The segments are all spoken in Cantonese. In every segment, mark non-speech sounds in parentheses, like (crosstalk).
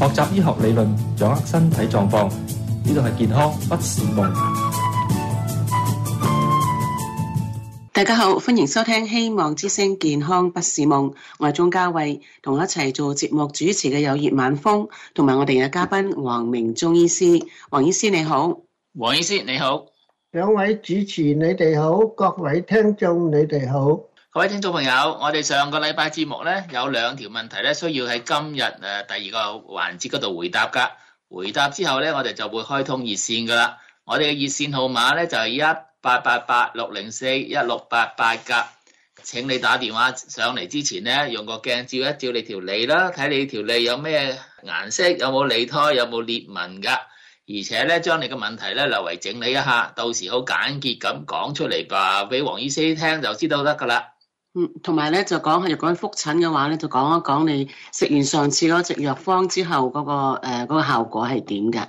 學習醫學理論，掌握身體狀況，呢度係健康，不是夢。大家好，歡迎收聽《希望之聲》，健康不是夢。我係鍾嘉慧，同我一齊做節目主持嘅有葉晚風，同埋我哋嘅嘉賓黃明中醫師。黃醫師你好，黃醫師你好，兩位主持你哋好，各位聽眾你哋好。各位聽眾朋友，我哋上個禮拜節目咧有兩條問題咧需要喺今日誒、呃、第二個環節嗰度回答噶。回答之後咧，我哋就會開通熱線噶啦。我哋嘅熱線號碼咧就係一八八八六零四一六八八噶，請你打電話上嚟之前咧，用個鏡照一照你條脷啦，睇你條脷有咩顏色，有冇脷苔，有冇裂紋噶。而且咧，將你嘅問題咧略為整理一下，到時好簡潔咁講出嚟吧，俾黃醫師聽就知道得噶啦。嗯，同埋咧就講，又講復診嘅話咧，就講一講你食完上次嗰隻藥方之後嗰、那個誒、呃那個效果係點㗎。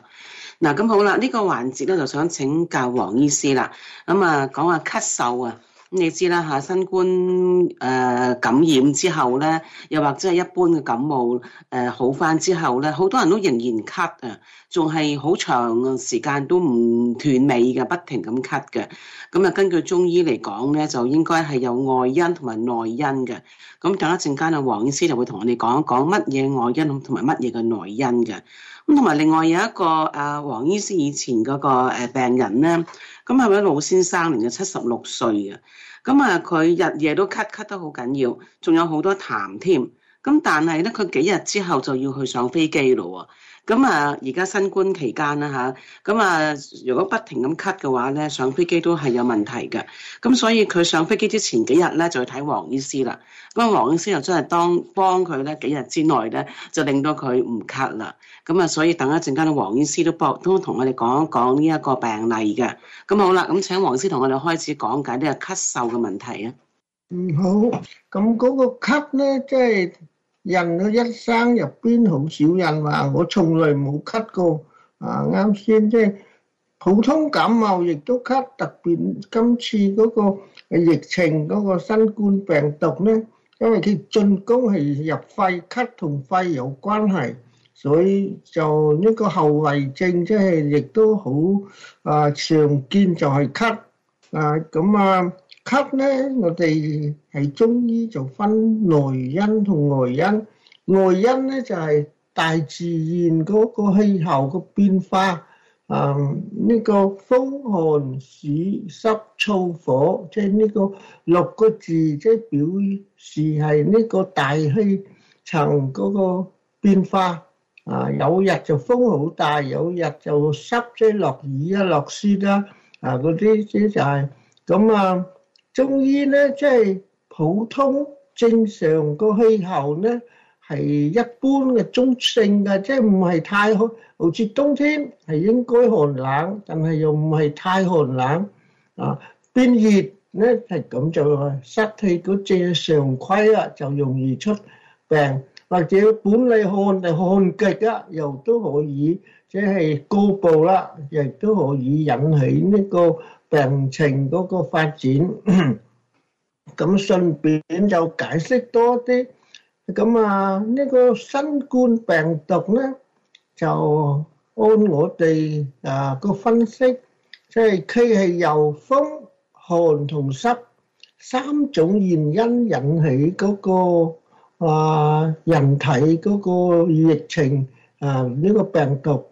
嗱，咁好啦，這個、環節呢個環節咧就想請教黃醫師啦。咁啊，講下咳嗽啊。你知啦嚇，新冠誒感染之後咧，又或者係一般嘅感冒誒好翻之後咧，好多人都仍然咳啊，仲係好長時間都唔斷尾嘅，不停咁咳嘅。咁啊，根據中醫嚟講咧，就應該係有外因同埋內因嘅。咁等一陣間啊，黃醫師就會同我哋講一講乜嘢外因同埋乜嘢嘅內因嘅。咁同埋另外有一個啊，黃醫師以前嗰個誒病人咧。咁係咪老先生年嘅七十六歲啊？咁啊，佢日夜都咳，咳得好緊要，仲有好多痰添。咁但係咧，佢幾日之後就要去上飛機咯喎。咁啊，而家新冠期間啦吓，咁啊，如果不停咁咳嘅話咧，上飛機都係有問題嘅。咁所以佢上飛機之前幾日咧，就去睇黃醫師啦。咁黃醫師又真係當幫佢咧幾日之內咧，就令到佢唔咳啦。咁啊，所以等一陣間咧，黃醫師都博都同我哋講一講呢一個病例嘅。咁好啦，咁請黃師同我哋開始講解呢個咳嗽嘅問題啊。嗯，好。咁嗰個咳咧，即係。人嘅一生入邊好少人話，啊、我從來冇咳過。啊，啱先即係普通感冒亦都咳，特別今次嗰個疫情嗰個新冠病毒咧，因為佢進攻係入肺，咳同肺有關係，所以就呢個後遺症即係亦都好啊常見就係咳，啊咁啊。咳咧，我哋係中醫就分內因同外因。外因咧就係、是、大自然嗰個氣候個變化，啊呢、這個風寒、暑、濕、燥、燥火，即係呢個六個字，即、就、係、是、表示係呢個大氣層嗰個變化。啊，有日就風好大，有日就濕，即、就、係、是、落雨啦、啊、落雪啦、啊，啊嗰啲即就係、是、咁啊。中醫咧，即係普通正常個氣候咧，係一般嘅中性嘅，即係唔係太寒，好似冬天係應該寒冷，但係又唔係太寒冷。啊，變熱咧，係咁就失去個正常規啊，就容易出病，或者本嚟寒嘅寒極啊，又都可以。即係高部啦，亦都可以引起呢個病情嗰個發展。咁順便就解釋多啲。咁啊，呢個新冠病毒咧，就按我哋啊個分析，即係佢係由風寒同濕三種原因引起嗰個啊人體嗰個疫情啊呢個病毒。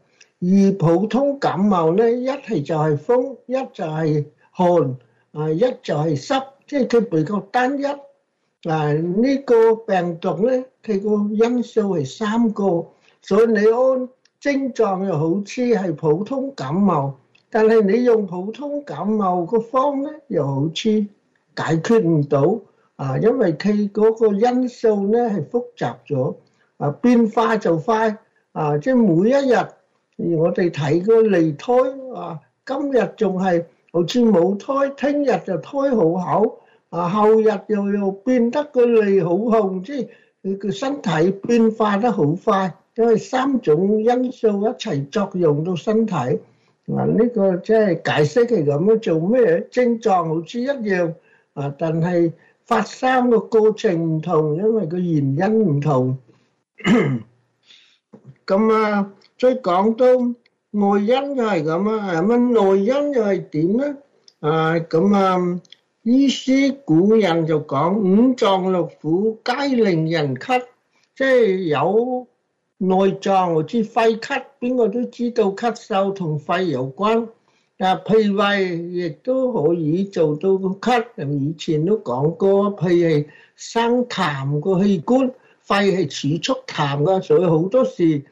而普通感冒咧，一係就係風，一就係寒，啊一就係濕，即係佢比較單一。嗱，呢個病毒咧，佢個因素係三個，所以你按症狀又好似係普通感冒，但係你用普通感冒個方咧，又好似解決唔到。啊，因為佢嗰個因素咧，係複雜咗，啊變化就快，啊即係每一日。而我哋睇個脷胎啊，今日仲係好似冇胎，聽日就胎好厚，啊後日又又變得個脷好厚，即係佢佢身體變化得好快，因為三種因素一齊作用到身體。啊呢個即係解釋係咁，做咩症狀好似一樣，啊但係發生個過程唔同，因為個原因唔同。咁啊～即係講到內因又係咁啊，咁內因又係點咧？啊咁啊，醫師古人就講五臟六腑皆令人咳，即係有內臟我知肺咳，邊個都知道咳嗽同肺有關。但係脾胃亦都可以做到個咳，以前都講過，脾係生痰個器官，肺係儲蓄痰噶，所以好多時，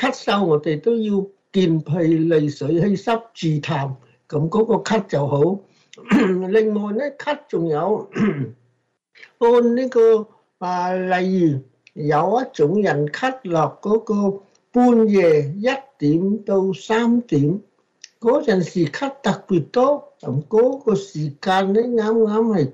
咳嗽，我哋都要健脾利水、祛濕治痰，咁嗰個咳就好。另外咧，咳仲有，按呢個啊例如，有一種人咳落嗰個半夜一點到三點嗰陣時，咳特別多，咁嗰個時間你啱啱係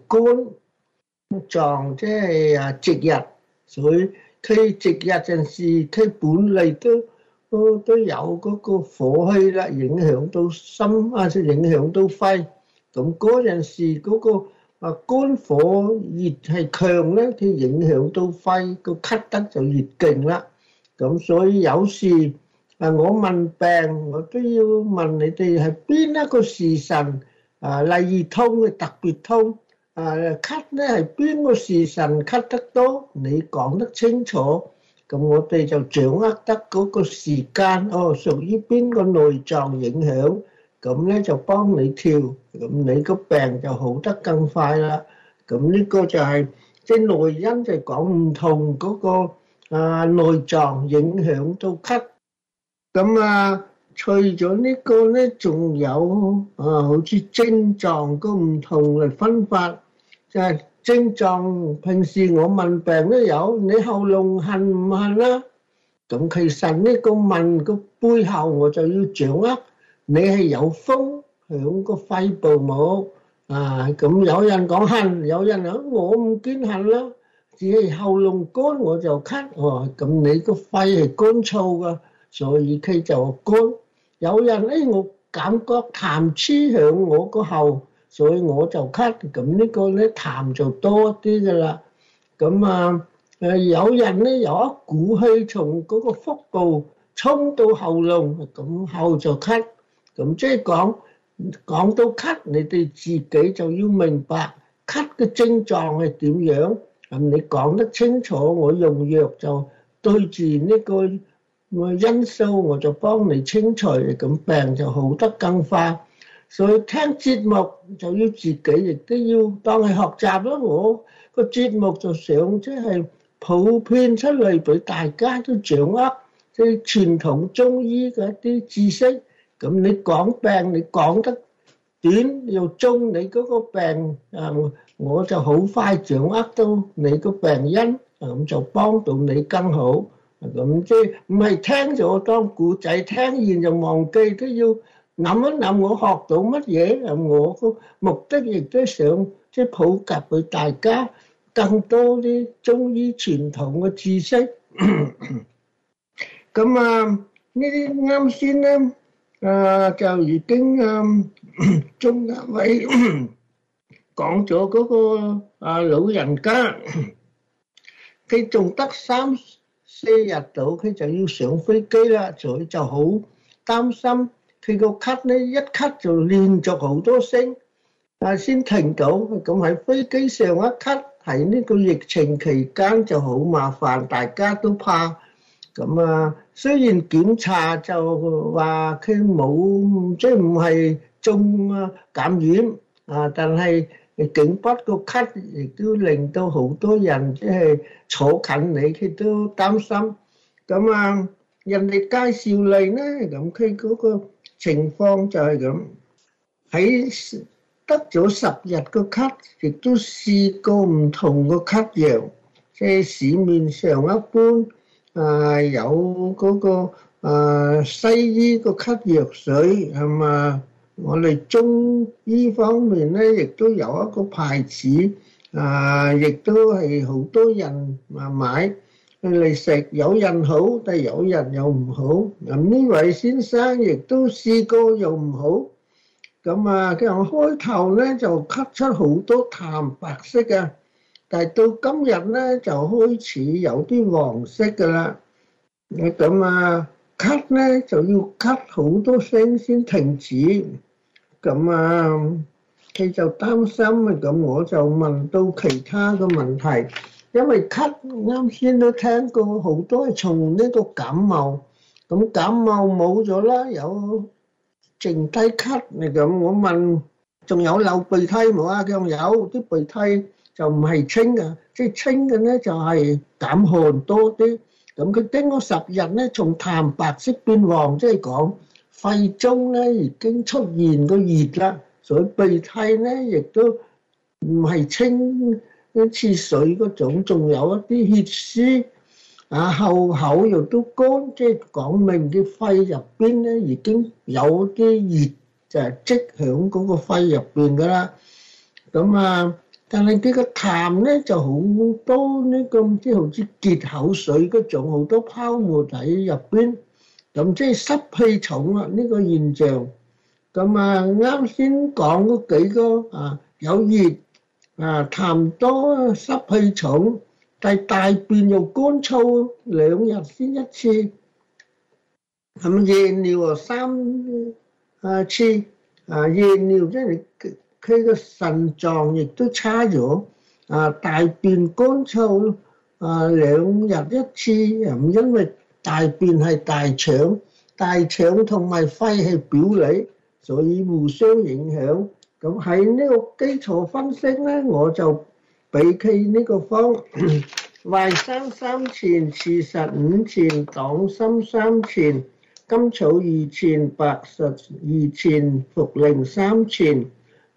肝臟，即係啊，值日，所以佢值日陣時佢本嚟都。都都有嗰個火氣啦，影響到心啊，先影響到肺。咁嗰陣時嗰個啊肝火越係強咧，佢影響到肺，個咳得就越勁啦。咁所以有時啊，我問病，我都要問你哋係邊一個時辰啊，例如通嘅特別通啊，咳咧係邊個時辰咳得多，你講得清楚。咁我哋就掌握得嗰個時間哦，屬於邊個內臟影響，咁咧就幫你跳，咁你個病就好得更快啦。咁呢個就係、是、啲、就是、內因就講唔同嗰、那個啊內臟影響到咳。咁啊，除咗呢個咧，仲有啊，好似症狀個唔同嘅分法，就係、是。症狀，平時我問病都有，你喉嚨痕唔痕啦？咁其實呢個問個背後，我就要掌握你係有風響個肺部冇啊？咁有人講痕，有人話我唔見痕啦，只係喉嚨乾我就咳喎。咁、啊、你個肺係乾燥噶，所以佢就乾。有人咧、哎，我感覺痰黐響我個喉。所以我就咳，咁呢個咧痰就多啲噶啦。咁啊，誒有人咧有一股氣從嗰個腹部衝到喉嚨，咁後就咳。咁即係講講到咳，你哋自己就要明白咳嘅症狀係點樣。咁你講得清楚，我用藥就對住呢個因素，我就幫你清除，咁病就好得更快。所以聽節目就要自己亦都要當係學習啦，我個節目就想即係普遍出嚟俾大家都掌握即傳統中醫嘅一啲知識。咁你講病，你講得點又中，你嗰個病啊，我就好快掌握到你個病因，咁就幫到你更好。咁即係唔係聽咗當古仔，聽完就忘記都要諗一諗，我學到乜嘢？我個目的亦都想即係普及俾大家更多啲中醫傳統嘅知識。咁 (coughs) 啊，呢啲啱先咧，啊就已經啊 (coughs) 中一位 (coughs) 講咗嗰個老人家，佢仲得三四日到，佢就要上飛機啦，佢就好擔心。佢個咳咧一咳就連續好多聲，但係先停到咁，喺飛機上一咳，喺呢個疫情期間就好麻煩，大家都怕咁啊。雖然檢查就話佢冇即係唔係中感染，啊，但係警不個咳亦都令到好多人即係坐近你佢都擔心咁啊！人哋介紹嚟咧咁，佢嗰個。情況就係咁，喺得咗十日個咳，亦都試過唔同個咳藥。即係市面上一般，啊有嗰個啊西醫個咳藥水係嘛？我哋中醫方面咧，亦都有一個牌子，啊亦都係好多人啊買。嚟食有人好，但係有人又唔好。咁呢位先生亦都試過又唔好。咁啊，佢住我開頭咧就咳出好多痰，白色嘅，但係到今日咧就開始有啲黃色嘅啦。我咁啊咳咧就要咳好多聲先停止。咁啊，佢就擔心啊，咁我就問到其他嘅問題。因為咳，啱先都聽過好多，係從呢個感冒，咁感冒冇咗啦，有靜低咳，你咁我問，仲有流鼻涕冇啊？佢話有，啲鼻涕就唔係清嘅，即係清嘅咧就係感寒多啲。咁佢經過十日咧，從淡白色變黃，即係講肺中咧已經出現個熱啦，所以鼻涕咧亦都唔係清。一滲水嗰種，仲有一啲血絲，啊口口又都乾，即係講明啲肺入邊咧已經有啲熱就係積響嗰個肺入邊噶啦。咁啊，但係呢個痰咧就好多呢，咁即好似結口水嗰種，好多泡沫喺入邊，咁即係濕氣重啊呢個現象。咁啊，啱先講嗰幾個啊，有熱。啊，痰多濕氣重，但大便又乾燥，兩日先一次。咁夜尿三啊次，啊夜尿即係佢個腎臟，亦都差咗。啊，大便乾燥，啊兩日一次。咁因為大便係大腸，大腸同埋肺係表裏，所以互相影響。咁喺呢個基礎分析咧，我就俾佢呢個方：淮山三錢、茨實五錢、黨參三錢、甘草二錢、白朮二錢、茯苓三錢、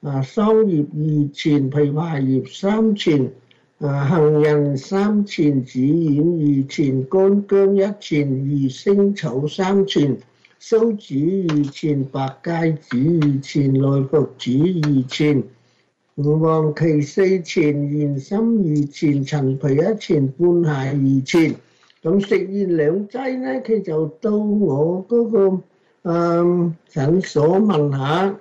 啊桑葉二錢、枇杷葉三錢、啊杏仁三錢、紫菀二錢、乾薑一錢、二星草三錢。蘇子二錢、白芥子二錢、萊服子二錢，黃芪四錢、玄參二錢、陳皮一前、半夏二錢。咁食完兩劑咧，佢就到我嗰、嗰個誒診、嗯、所問下，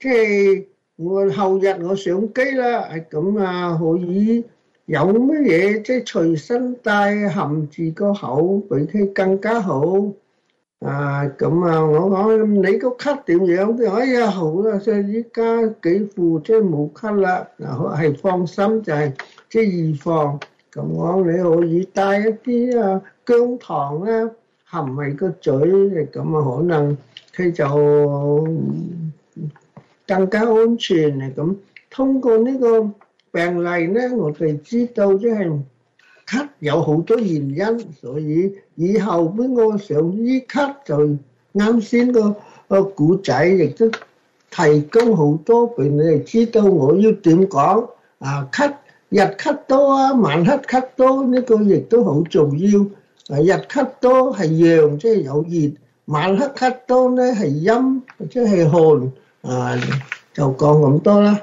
即係、 (coughs) 就是、我後日我上機啦。咁啊，可以有乜嘢即係隨身帶含住個口，俾佢更加好。啊，咁啊，我講你嗰咳點樣？啲人哎呀好啦，即係依家幾乎即係冇咳啦，嗱係放心就係即係預防。咁我、啊、你可以帶一啲啊薑糖啊含喺個嘴，咁啊可能佢就更加安全嚟咁。通過呢個病例咧，我哋知道即係。咳有好多原因，所以以後邊我想醫咳就啱先個個古仔亦都提供好多俾你哋知道，我要點講。啊？咳日咳多啊，晚黑咳多呢個亦都好重要。日咳多係陽，即係有熱；晚黑咳多咧係陰，即係寒。啊，就講咁多啦。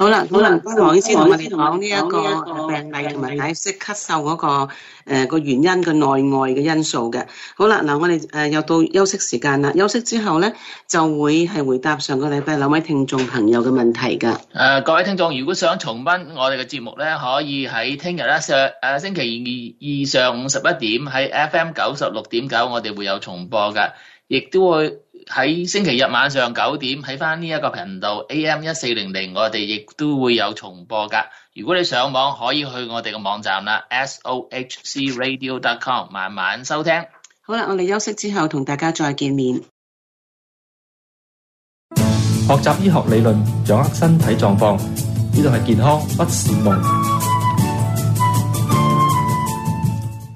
好啦，好啦，黃醫師同我哋講呢一個病例，同埋解釋咳嗽嗰個誒個原因嘅內外嘅因素嘅。好啦，嗱我哋誒又到休息時間啦，休息之後咧就會係回答上個禮拜兩位聽眾朋友嘅問題㗎。誒各位聽眾，如果想重溫我哋嘅節目咧，可以喺聽日咧上誒星期二上午十一點喺 FM 九十六點九，我哋會有重播㗎，亦都會，喺星期日晚上九點，喺翻呢一個頻道 AM 一四零零，我哋亦都會有重播㗎。如果你上網，可以去我哋嘅網站啦，sohcradio.com，慢慢收聽。好啦，我哋休息之後同大家再見面。學習醫學理論，掌握身體狀況，呢度係健康，不是夢。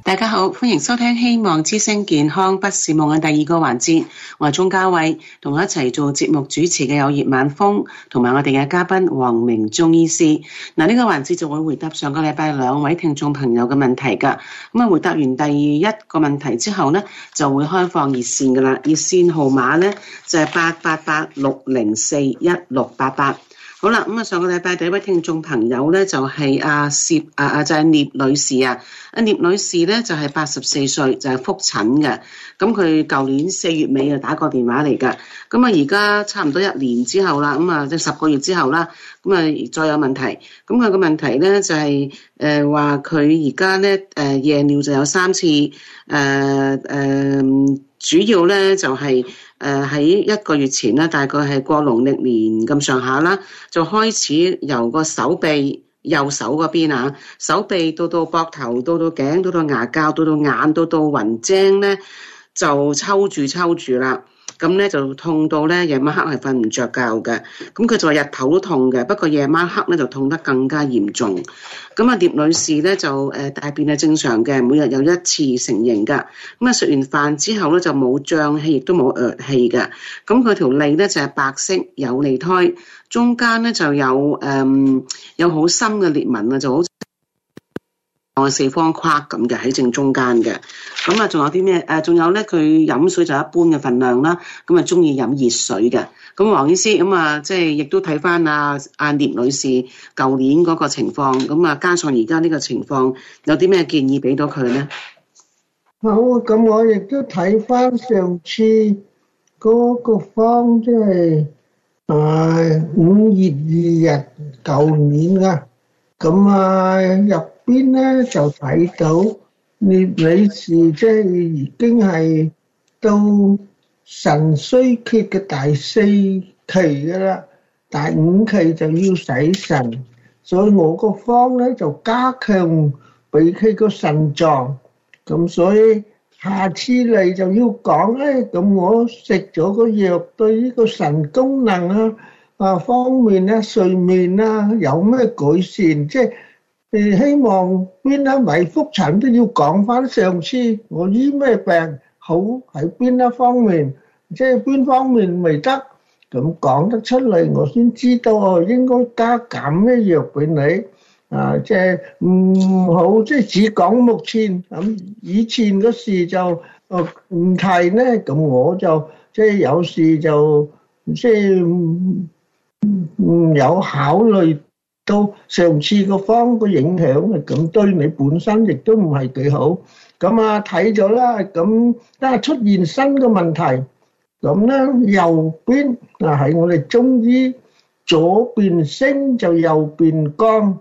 大家好，歡迎收聽《希望之聲健康不是夢》嘅第二個環節，我係鍾嘉慧，同我一齊做節目主持嘅有葉晚風，同埋我哋嘅嘉賓黃明中醫師。嗱，呢個環節就會回答上個禮拜兩位聽眾朋友嘅問題噶。咁啊，回答完第一個問題之後呢，就會開放熱線噶啦，熱線號碼呢，就係八八八六零四一六八八。好啦，咁啊，上個禮拜第一位聽眾朋友咧就係阿聶，啊啊就係、是、聶女士啊，阿聶女士咧就係八十四歲，就係、是、覆診嘅。咁佢舊年四月尾就打過電話嚟嘅，咁啊而家差唔多一年之後啦，咁啊即係十個月之後啦，咁啊再有問題。咁佢個問題咧就係誒話佢而家咧誒夜尿就有三次，誒、呃、誒。呃主要咧就係誒喺一個月前啦，大概係過農曆年咁上下啦，就開始由個手臂右手嗰邊啊，手臂到到膊頭，到到頸，到到牙骹，到到眼，到到雲章咧，就抽住抽住啦。咁咧就痛到咧夜晚黑係瞓唔着覺嘅，咁佢就話日頭都痛嘅，不過夜晚黑咧就痛得更加嚴重。咁啊，葉女士咧就誒大便係正常嘅，每日有一次成形噶。咁啊，食完飯之後咧就冇脹氣，亦都冇呃氣嘅。咁佢條脷咧就係、是、白色，有脷胎，中間咧就有誒、呃、有好深嘅裂紋啊，就好似。我係四方框咁嘅喺正中間嘅，咁啊仲有啲咩？誒，仲有咧，佢飲水就一般嘅份量啦，咁啊中意飲熱水嘅。咁黃醫師，咁啊即係亦都睇翻阿阿聶女士舊年嗰個情況，咁啊加上而家呢個情況，有啲咩建議俾到佢咧？好，咁我亦都睇翻上次嗰個方，即係誒五月二日舊年啦，咁啊入。邊咧就睇到葉女士即係已經係到腎衰竭嘅第四期噶啦，第五期就要洗腎，所以我個方咧就加強俾佢個腎臟，咁所以下次嚟就要講咧。咁、哎、我食咗個藥對呢個腎功能啊啊方面咧、啊、睡眠啦、啊、有咩改善，即係。希望邊一位復診都要講翻，上次我醫咩病，好喺邊一方面，即係邊方面未得，咁講得出嚟，我先知道應該加減咩藥俾你。啊，即係唔好即係只講目前咁，以前嗰事就啊唔提咧。咁我就即係有事就即係唔有考慮。到上次個方嘅影響啊，咁對你本身亦都唔係幾好，咁啊睇咗啦，咁但係出現新嘅問題，咁咧右邊嗱，喺我哋中醫，左邊升就右邊降，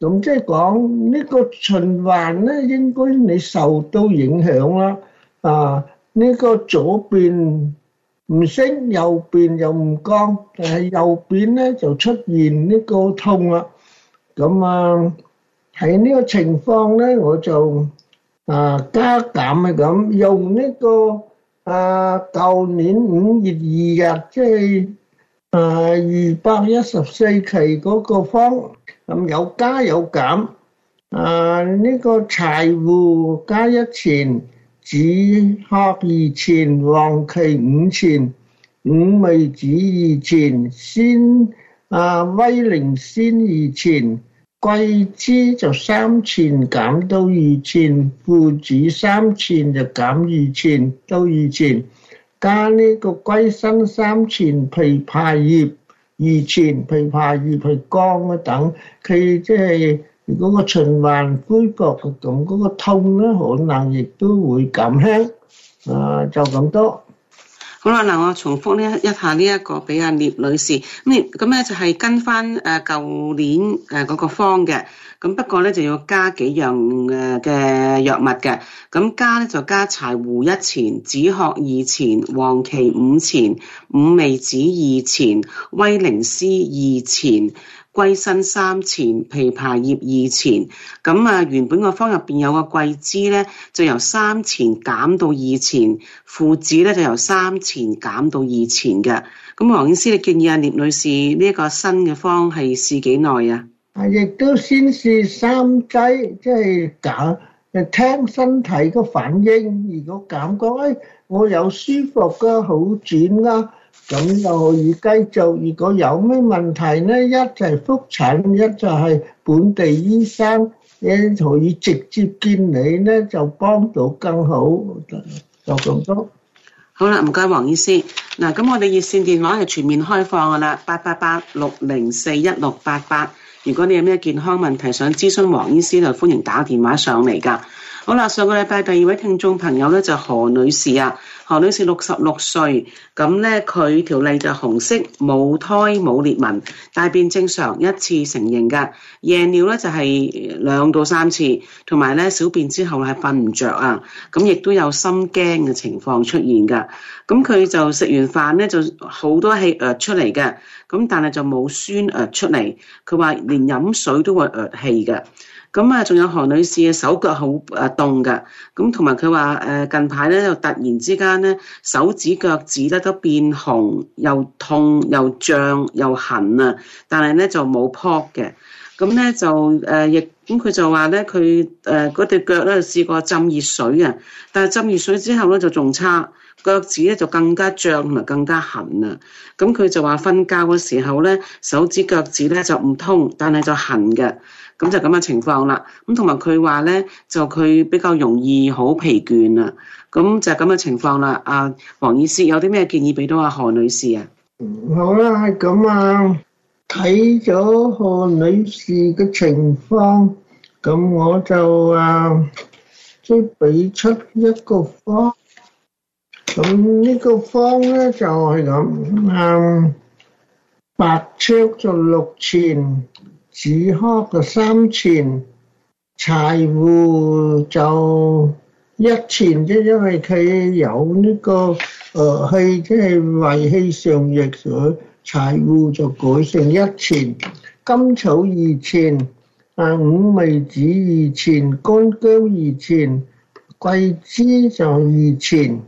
咁即係講呢個循環咧，應該你受到影響啦，啊呢個左邊。唔升右邊又唔降，但係右邊咧就出現呢個痛啦。咁啊，喺呢個情況咧，我就啊加減嘅，咁，用呢個啊舊年五月二日即係、就是、啊二百一十四期嗰個方，咁有加有減。啊呢、呢個柴胡加一錢。枳殼二錢，黃芪五錢，五味子二錢，先啊威靈仙二錢，桂枝就三錢，減到二錢，附子三錢就減二錢到二錢，加呢個歸身三錢，枇杷葉二錢，枇杷葉佢乾啊等，佢即係。如果循環恢復活動嗰個痛咧，可能亦都會減輕、嗯、啊，就咁多。好啦，嗱，我重複呢一下呢一個俾阿聶女士，咁咁咧就係跟翻誒舊年誒嗰個方嘅，咁不過咧就要加幾樣嘅嘅藥物嘅，咁加咧就加柴胡一錢、枳殼二錢、黃芪五錢、五味子二錢、威靈斯二錢。歸身三錢，枇杷葉二錢。咁啊原本個方入邊有個桂枝咧，就由三錢減到二錢，附子咧就由三錢減到二錢嘅。咁黃醫師，你建議阿、啊、聶女士呢一、這個新嘅方係試幾耐啊？啊，亦都先試三劑，即係減，聽身體個反應。如果感覺誒、哎，我有舒服噶，好轉啦、啊。咁就可以繼續。如果有咩問題咧，一就係複診，一就係本地醫生，咧可以直接見你咧，就幫到更好，就咁多。好啦，唔該黃醫師。嗱，咁我哋熱線電話係全面開放噶啦，八八八六零四一六八八。如果你有咩健康問題想諮詢黃醫師，就歡迎打電話上嚟噶。好啦，上個禮拜第二位聽眾朋友咧就是、何女士啊，何女士六十六歲，咁咧佢條脷就紅色，冇胎冇裂紋，大便正常，一次成形噶，夜尿咧就係、是、兩到三次，同埋咧小便之後係瞓唔着啊，咁亦都有心驚嘅情況出現噶，咁佢就食完飯咧就好多氣出嚟嘅，咁但係就冇酸誒出嚟，佢話連飲水都會誒氣嘅。咁啊，仲有何女士嘅手腳好誒凍嘅，咁同埋佢話誒近排咧就突然之間咧手指腳趾咧都變紅，又痛又脹又痕啊！但係咧就冇泡嘅，咁咧就誒亦咁佢就話咧佢誒嗰對腳咧試過浸熱水嘅，但係浸熱水之後咧就仲差，腳趾咧就更加脹同埋更加痕啊！咁佢就話瞓覺嗰時候咧手指腳趾咧就唔痛，但係就痕嘅。咁就咁嘅情況啦，咁同埋佢話咧，就佢比較容易好疲倦啦，咁就係咁嘅情況啦。啊，黃醫師有啲咩建議俾到阿何女士啊？好啦，係咁啊，睇咗何女士嘅情況，咁我就啊，即係俾出一個方，咁呢個方咧就係、是、咁、嗯，白芍就六錢。子克個三錢，柴胡就一錢啫，因為佢有呢、這個誒係即係胃氣上逆所，柴胡就改成一錢。甘草二錢，啊五味子二錢，乾薑二錢，桂枝就二錢，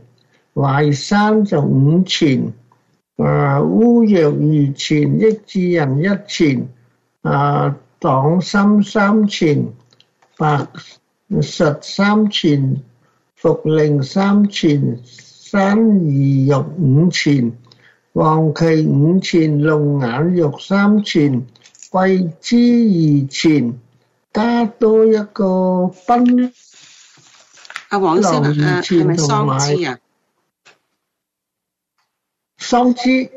淮山就五錢，啊烏藥二錢，益智仁一錢。啊！黨參三錢，白朮三錢，茯苓三錢，山萸肉五錢，黃芪五錢，龍眼肉三錢，桂枝二錢，加多一個檳。阿黃先，阿係咪桑枝啊？桑枝，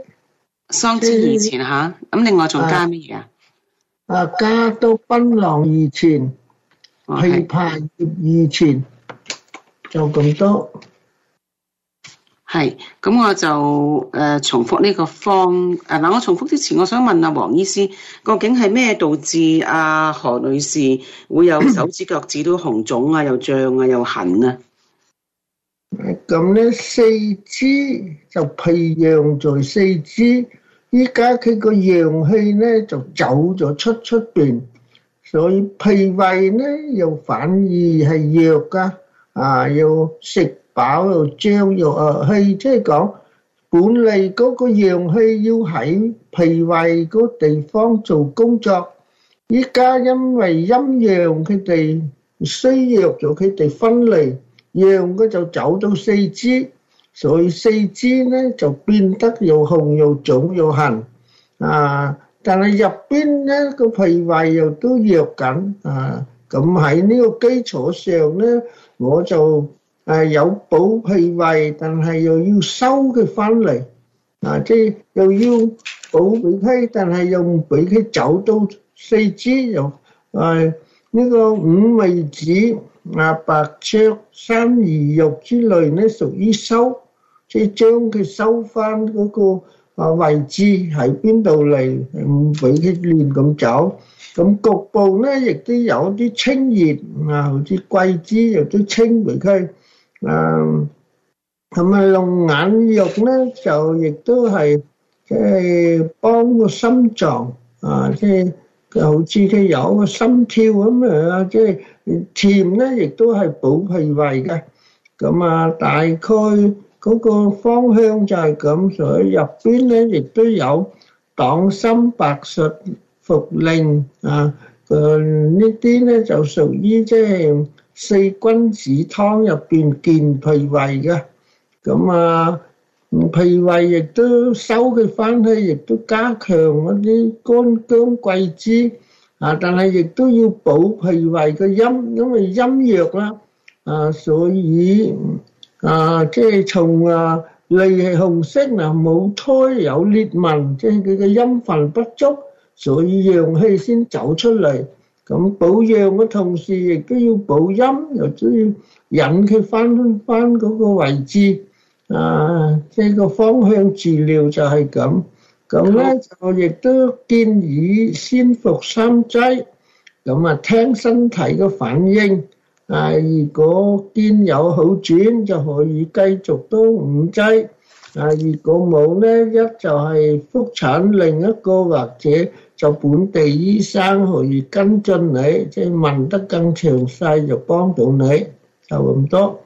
桑枝二錢吓，咁另外仲加咩嘢啊？啊！加多檳榔二錢，枇杷葉二錢，就咁多。係，咁我就誒重複呢個方。誒，嗱，我重複之前，我想問阿黃醫師，究竟係咩導致阿何女士會有手指、腳趾都紅腫啊、又脹啊、又痕啊？咁咧，四肢就脾陽在四肢。依家佢個陽氣咧就走咗出出邊，所以脾胃咧又反而係弱噶，啊又食飽又脹又啊氣，即係講本嚟嗰個陽氣要喺脾胃嗰地方做工作，依家因為陰陽佢哋衰弱咗，佢哋分離，陽佢就走到四肢。所以四肢咧就變得又紅又腫又痕啊！但係入邊咧個脾胃又都弱緊啊！咁喺呢個基礎上咧，我就誒、啊、有補脾胃，但係又要收佢返嚟。嗱、啊，即、就、係、是、又要補脾氣，但係又唔畀佢走到四肢又誒呢個五味子、阿、啊、白芍、山萸肉之類咧，屬於收。即係將佢收翻嗰個位置喺邊度嚟，唔俾佢亂咁走。咁局部咧亦都有啲清熱啊，好似桂枝又都清佢。啊，同埋龍眼肉咧就亦都係即係幫個心臟啊，即係好似佢有個心跳咁樣啊。即係甜咧亦都係補脾胃嘅。咁啊，大概。嗰個方向就係咁，所以入邊咧亦都有黨參、白術、茯苓啊，佢呢啲咧就屬於即係四君子湯入邊健脾胃嘅，咁啊脾胃亦都收佢翻去，亦都加強嗰啲乾薑、桂枝啊，但係亦都要補脾胃嘅陰，因為陰藥啦啊，所以。啊，即係從啊，脷係紅色嗱，冇胎有裂紋，即係佢嘅陰分不足，所以陽氣先走出嚟。咁補陽嘅同時，亦都要補陰，又都要引佢返返嗰個位置。啊，即係個方向治療就係咁。咁、嗯、咧，我亦、嗯、都建議先服三劑。咁、嗯、啊，聽身體嘅反應。但、啊、如果見有好轉，就可以繼續都五劑。但如果冇呢，一就係複診另一個或者，就本地醫生可以跟進你，即係問得更詳細，就幫到你，就咁多。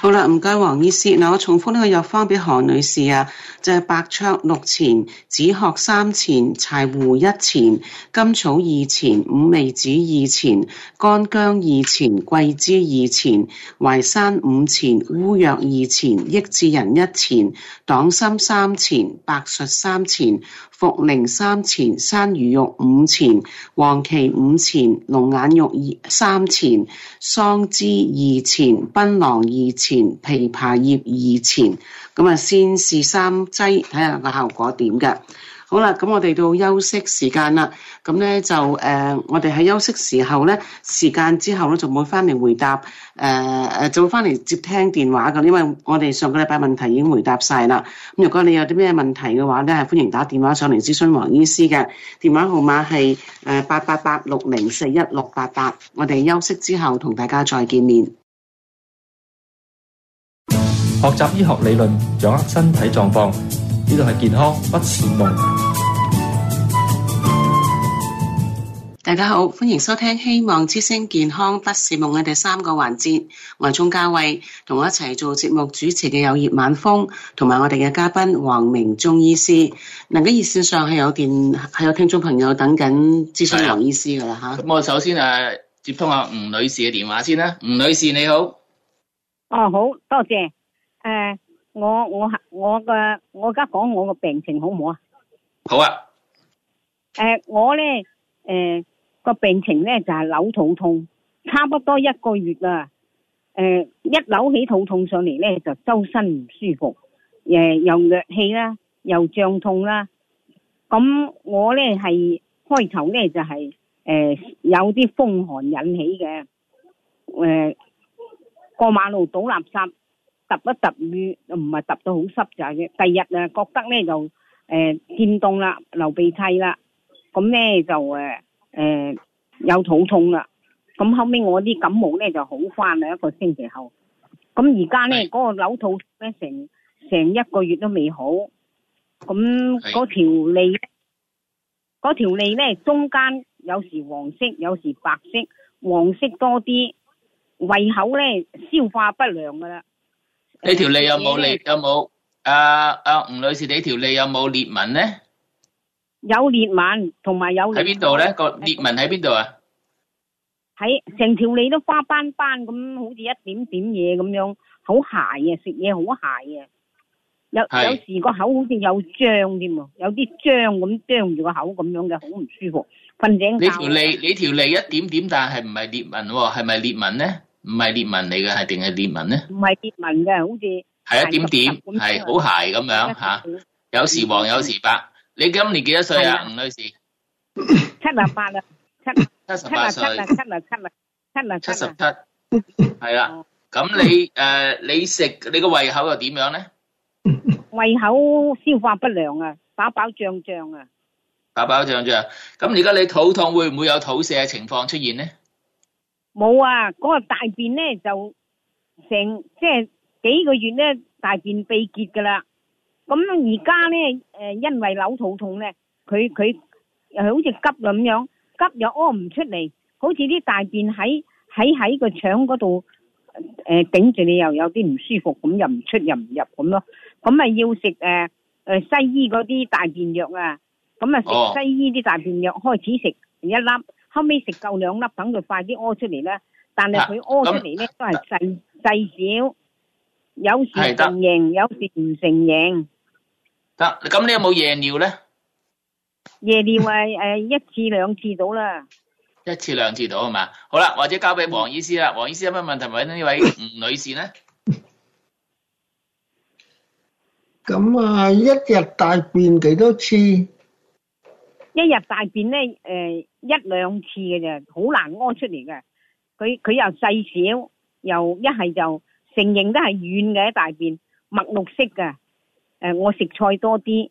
好啦，唔該，黃醫師。我重複呢個藥方俾何女士啊，就係、是、白芍六錢、枳殼三錢、柴胡一錢、甘草二錢、五味子二錢、乾薑二錢、桂枝二錢、淮山五錢、烏藥二錢、益智仁一錢、黨蔘三錢、白術三錢、茯苓三錢、山萸肉五錢、黃芪五錢、龍眼肉二三錢、桑枝二錢、檳榔二錢、枇杷葉二錢，咁啊先試三劑，睇下個效果點嘅。好啦，咁我哋到休息時間啦，咁呢，就、呃、誒，我哋喺休息時候呢時間之後呢、呃，就會翻嚟回答，誒誒，就會翻嚟接聽電話噶，因為我哋上個禮拜問題已經回答晒啦，咁如果你有啲咩問題嘅話呢，係歡迎打電話上嚟諮詢黃醫師嘅，電話號碼係誒八八八六零四一六八八，我哋休息之後同大家再見面。學習醫學理論，掌握身體狀況。呢度係健康不是夢。大家好，歡迎收聽《希望之聲》健康不是夢嘅第三個環節。我係鍾嘉慧，同我一齊做節目主持嘅有葉晚風，同埋我哋嘅嘉賓黃明中醫師。嗱，咁熱線上係有電，係有聽眾朋友等緊諮詢黃醫師噶啦吓。咁我首先誒接通下吳女士嘅電話先啦。吳女士你好。哦，好多謝。誒。我我我嘅，我而家講我個病情好唔好啊？好啊。誒，我咧，誒，個病情咧就係扭肚痛，差不多一個月啦。誒，一扭起肚痛上嚟咧，就周身唔舒服，誒，又熱氣啦，又脹痛啦。咁我咧係開頭咧就係誒有啲風寒引起嘅，誒，過馬路倒垃圾。揼一揼雨唔係揼到好濕，就係嘅。第二日啊，覺得咧就誒見凍啦，流鼻涕啦，咁咧就誒誒有肚痛啦。咁後尾我啲感冒咧就好翻啦，一個星期後。咁而家咧嗰個扭肚痛咧成成一個月都未好。咁嗰條脷，嗰條脷咧中間有時黃色，有時白色，黃色多啲。胃口咧消化不良噶啦。你條脷有冇裂？有、啊、冇？阿阿吳女士，你條脷有冇裂紋咧？有裂紋，同埋有。喺邊度咧？個裂紋喺邊度啊？喺成條脷都花斑斑咁，好似一點點嘢咁樣，好嚡啊！食嘢好嚡啊！有是有時個口好似有脹添，有啲脹咁脹住個口咁樣嘅，好唔舒服，瞓醒，就是。你條脷，你條脷一點點，但係唔係裂紋喎？係咪裂紋咧？唔係裂紋嚟嘅，係定係裂紋咧？唔係裂紋嘅，好似係一點點，係好鞋咁樣吓。有時黃，有時白。你今年幾多歲啊，吳女士？七啊八啦，七七十八歲，七啊七啊七啊七啊七十七。係啦，咁你誒，你食你個胃口又點樣咧？胃口消化不良啊，飽飽脹脹啊，飽飽脹脹。咁而家你肚痛會唔會有肚瀉嘅情況出現咧？冇啊！嗰個大便咧就成即係幾個月咧大便秘結噶啦。咁而家咧誒，因為扭肚痛咧，佢佢又好似急咁樣，急又屙唔出嚟，好似啲大便喺喺喺個腸嗰度誒頂住你又，又有啲唔舒服，咁又唔出又唔入咁咯。咁咪要食誒誒西醫嗰啲大便藥啊。咁啊，食西醫啲大便藥開始食一粒。Oh. 後尾食夠兩粒，等佢快啲屙出嚟咧。但係佢屙出嚟咧都係細細少，有時成形，有時唔成形。得，咁你有冇夜尿咧？夜尿啊，誒，一次兩次到啦。一次兩次到係嘛？好啦，或者交俾黃醫師啦。黃醫師有咩問題問呢位吳女士呢？咁啊，一日大便幾多次？一日大便咧，誒、呃、一兩次嘅咋，好難屙出嚟嘅。佢佢又細小，小，又一係就成形都係軟嘅大便，墨綠色嘅。誒、呃，我食菜多啲。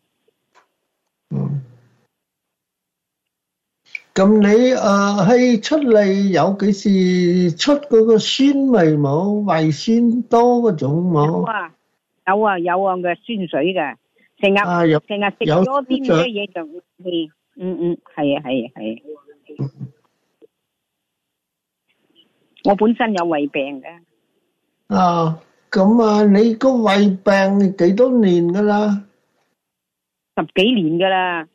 咁、嗯、你誒喺、呃、出嚟有幾時出嗰個酸味冇？胃酸多嗰種冇、啊？有啊，有啊，有啊嘅酸水嘅，成日成、啊、日食多啲咩嘢就。嗯嗯，係啊係啊係啊，我本身有胃病嘅。啊，咁啊，你個胃病幾多年噶啦？十幾年噶啦，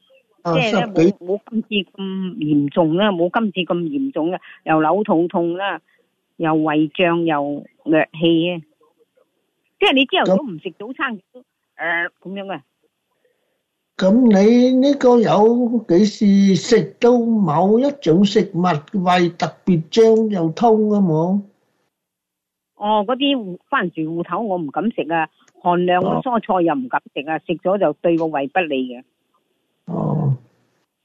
即係咧冇冇今次咁嚴重啦，冇今次咁嚴重啦，又扭肚痛啦，又胃脹又弱氣啊，即係你朝頭早唔食早餐，誒咁樣啊。咁你呢個有幾時食到某一種食物，胃特別脹又痛啊？冇。哦，嗰啲番薯芋頭我唔敢食啊，寒涼嘅蔬菜又唔敢食啊，食咗就對個胃不利嘅。哦，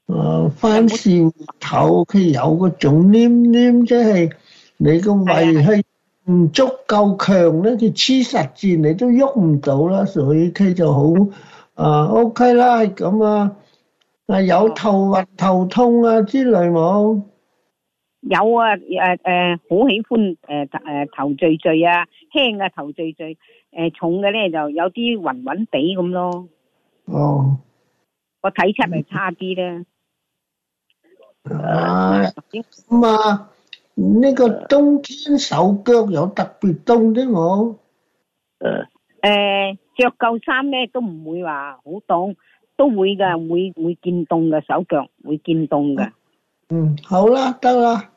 啊，番薯芋頭佢有嗰種黏黏，即係你個胃係唔足夠強咧，佢黐實住你都喐唔到啦，所以佢就好。啊，OK 啦，咁啊，啊有頭暈頭痛啊之類冇？有啊，誒誒，好喜歡誒誒頭醉醉啊，輕嘅頭醉醉，誒重嘅咧就有啲暈暈地咁咯。哦，我睇出嚟係咪差啲啦。啊，咁啊，呢個冬天手腳有特別凍啲冇？誒。着夠衫咩，都唔會話好凍，都會噶，會會見凍噶，手腳，會見凍噶。嗯，好啦，得啦，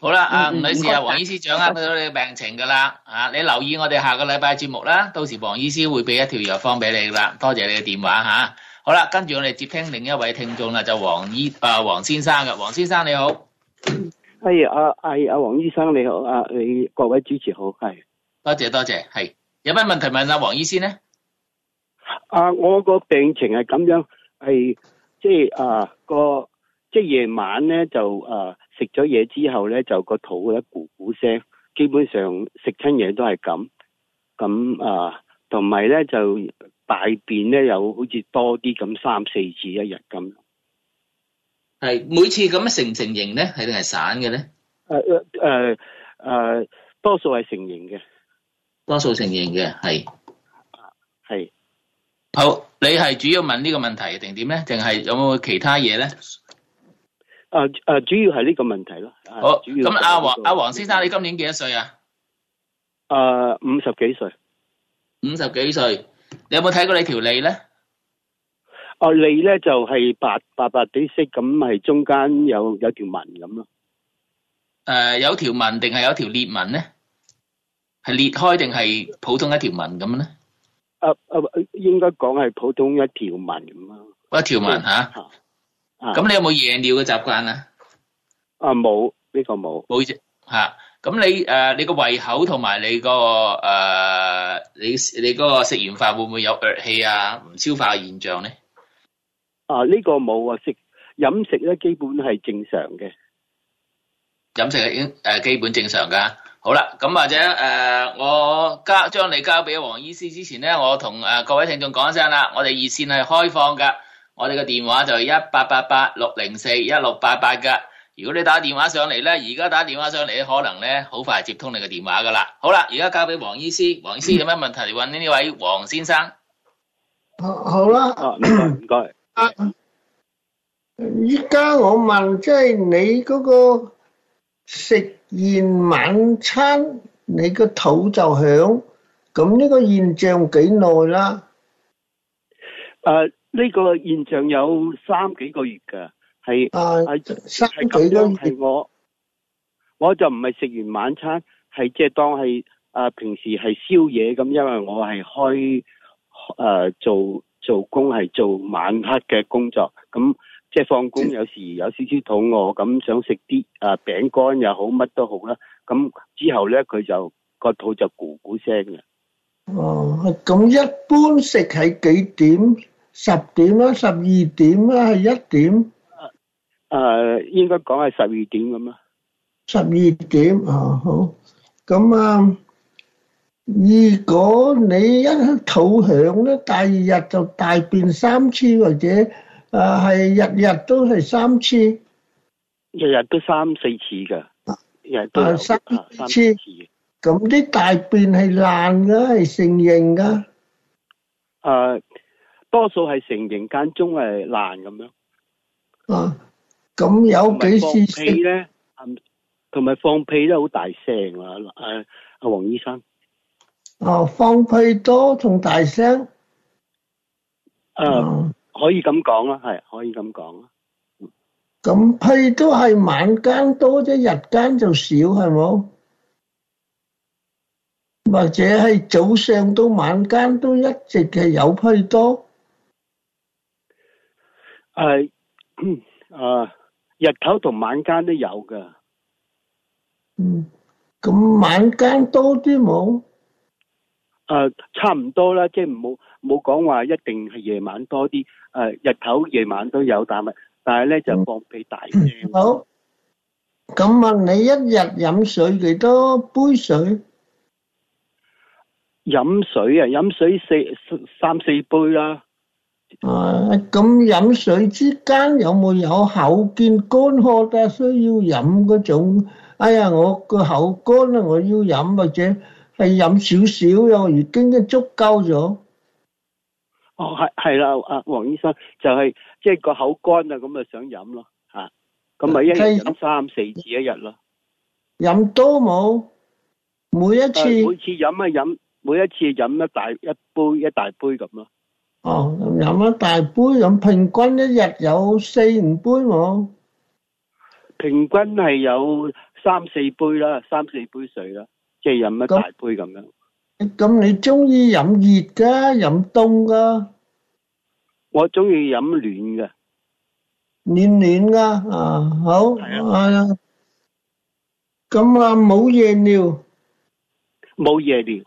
好啦，阿吳女士啊，黃醫師掌握到你嘅病情噶啦，啊，你留意我哋下個禮拜節目啦，到時黃醫師會俾一條藥方俾你噶啦。多謝你嘅電話吓，好啦，跟住我哋接聽另一位聽眾啦，就黃醫啊黃先生嘅，黃先生你好，係阿阿阿黃醫生你好，阿你各位主持好，係，多謝多謝，係，有乜問題問阿黃醫師呢？啊！我個病情係咁樣，係即係啊個即係夜晚咧就啊食咗嘢之後咧就個肚咧咕咕聲，基本上食親嘢都係咁咁啊，同埋咧就大便咧有好似多啲咁三四次一日咁。係每次咁樣成唔成形咧，係定係散嘅咧？誒誒誒誒，多數係成形嘅，多數成形嘅係，係。好，你係主要問呢個問題定點咧？定係有冇其他嘢咧？誒誒，主要係呢個問題咯。好，主要咁阿黃阿黃先生，你今年幾多歲啊？誒，五十幾歲。五十幾歲，你有冇睇過你條脷咧？哦，脷咧就係白白白啲色，咁係中間有有條紋咁咯。誒，有條紋定係有條裂紋咧？係裂開定係普通一條紋咁樣咧？誒誒，應該講係普通一條紋咁咯。一條紋吓，咁你有冇夜尿嘅習慣啊？啊冇，呢個冇，冇意思吓。咁你誒，你個胃口同埋你個誒，你你嗰個食完飯會唔會有噯氣啊？唔消化嘅現象咧？啊，呢個冇啊，食飲食咧基本係正常嘅。飲食係已經誒基本正常噶。好啦，咁或者誒、呃，我交將你交俾黃醫師之前咧，我同誒各位聽眾講一聲啦，我哋熱線係開放噶，我哋嘅電話就係一八八八六零四一六八八噶。如果你打電話上嚟咧，而家打電話上嚟可能咧好快接通你嘅電話噶啦。好啦，而家交俾黃醫師，黃醫師有咩問題揾呢？呢位王先生，啊、好啦，唔該唔該。 (coughs) 啊，依家我問，即係你嗰個食。完晚餐，你個肚就響，咁呢個現象幾耐啦？誒、啊、呢、這個現象有三幾個月噶，係係、啊、三幾個月我我就唔係食完晚餐，係即係當係啊平時係宵夜咁，因為我係開誒、啊、做做工係做晚黑嘅工作咁。即係放工有時有少少肚餓咁想食啲啊餅乾又好乜都好啦，咁之後咧佢就個肚就咕咕聲嘅。哦，咁一般食喺幾點？十點啦，十二點啦，係一點？誒，應該講係十二點咁啊。十二點，啊好。咁啊，如果你一肚響咧，第二日就大便三次或者？啊，係日日都係三次，日日都三四次噶，日日都三次。咁啲大便係爛噶，係成形噶。啊，多數係成形，間中係爛咁樣。啊，咁有幾時咧？同埋放屁都，好大聲啊！誒，阿黃醫生。哦，放屁多同大聲。啊。可以咁講咯，係可以咁講咯。咁批都係晚間多啫，日間就少，係冇？或者係早上到晚間都一直係有批多。誒，啊，日頭同晚間都有㗎。嗯，咁晚間多啲冇？誒，差唔多啦，即係唔好講話一定係夜晚多啲，誒，日頭夜晚都有，但係但係咧就放比大聲。好，咁問你一日飲水幾多杯水？飲水啊，飲水四三四杯啦。啊，咁飲水之間有冇有口乾乾渴嘅需要飲嗰種？哎呀，我個口乾啊，我要飲或者。係飲少少咯，已經都足夠咗。哦，係係啦，阿黃醫生就係、是、即係個口乾啊，咁啊想飲咯，吓，咁咪一日飲三四次一日咯。飲多冇？每一次。呃、每次飲啊飲，每一次飲一大一杯一大杯咁咯。哦，飲一大杯，飲平均一日有四五杯冇？平均係有三四杯啦，三四杯水啦。即係飲一大杯咁樣。咁你中意飲熱噶，飲凍噶？我中意飲暖嘅，暖暖啊！啊好，係啊。咁啊，冇夜尿，冇夜尿。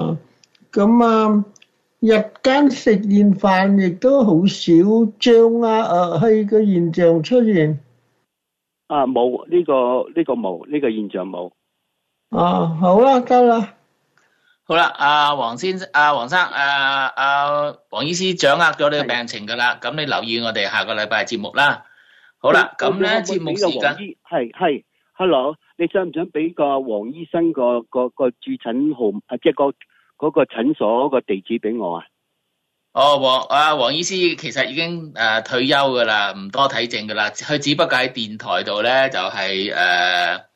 啊，咁啊，日間食完飯亦都好少脹啊、呃氣嘅現象出現。啊，冇呢個呢個冇呢個現象冇。哦，好啦，夠啦，好啦，阿、啊、黃先，阿黃生，誒、啊、誒，黃、啊、醫師掌握咗你嘅病情噶啦，咁的你留意我哋下個禮拜嘅節目啦。好啦，咁咧節目時間係係，hello，你想唔想俾個黃醫生、嗰個、嗰個個住診號，即係個嗰個診所個地址俾我、哦、啊？哦，黃啊，黃醫師其實已經誒、呃、退休噶啦，唔多睇症噶啦，佢只不過喺電台度咧就係、是、誒。呃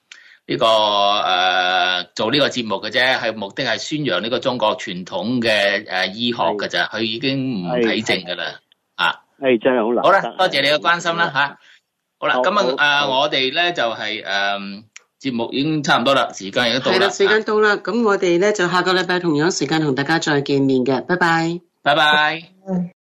呢、這個誒、呃、做呢個節目嘅啫，係目的係宣揚呢個中國傳統嘅誒醫學嘅咋。佢的已經唔睇症噶啦，的啊，係真係好難。好啦，多謝你嘅關心啦吓的、啊。好啦，今日誒我哋咧就係誒節目已經差唔多啦，時間已經到啦。係啦，時間到啦，咁我哋咧就下個禮拜同樣時間同大家再見面嘅，拜拜，拜拜。 (laughs)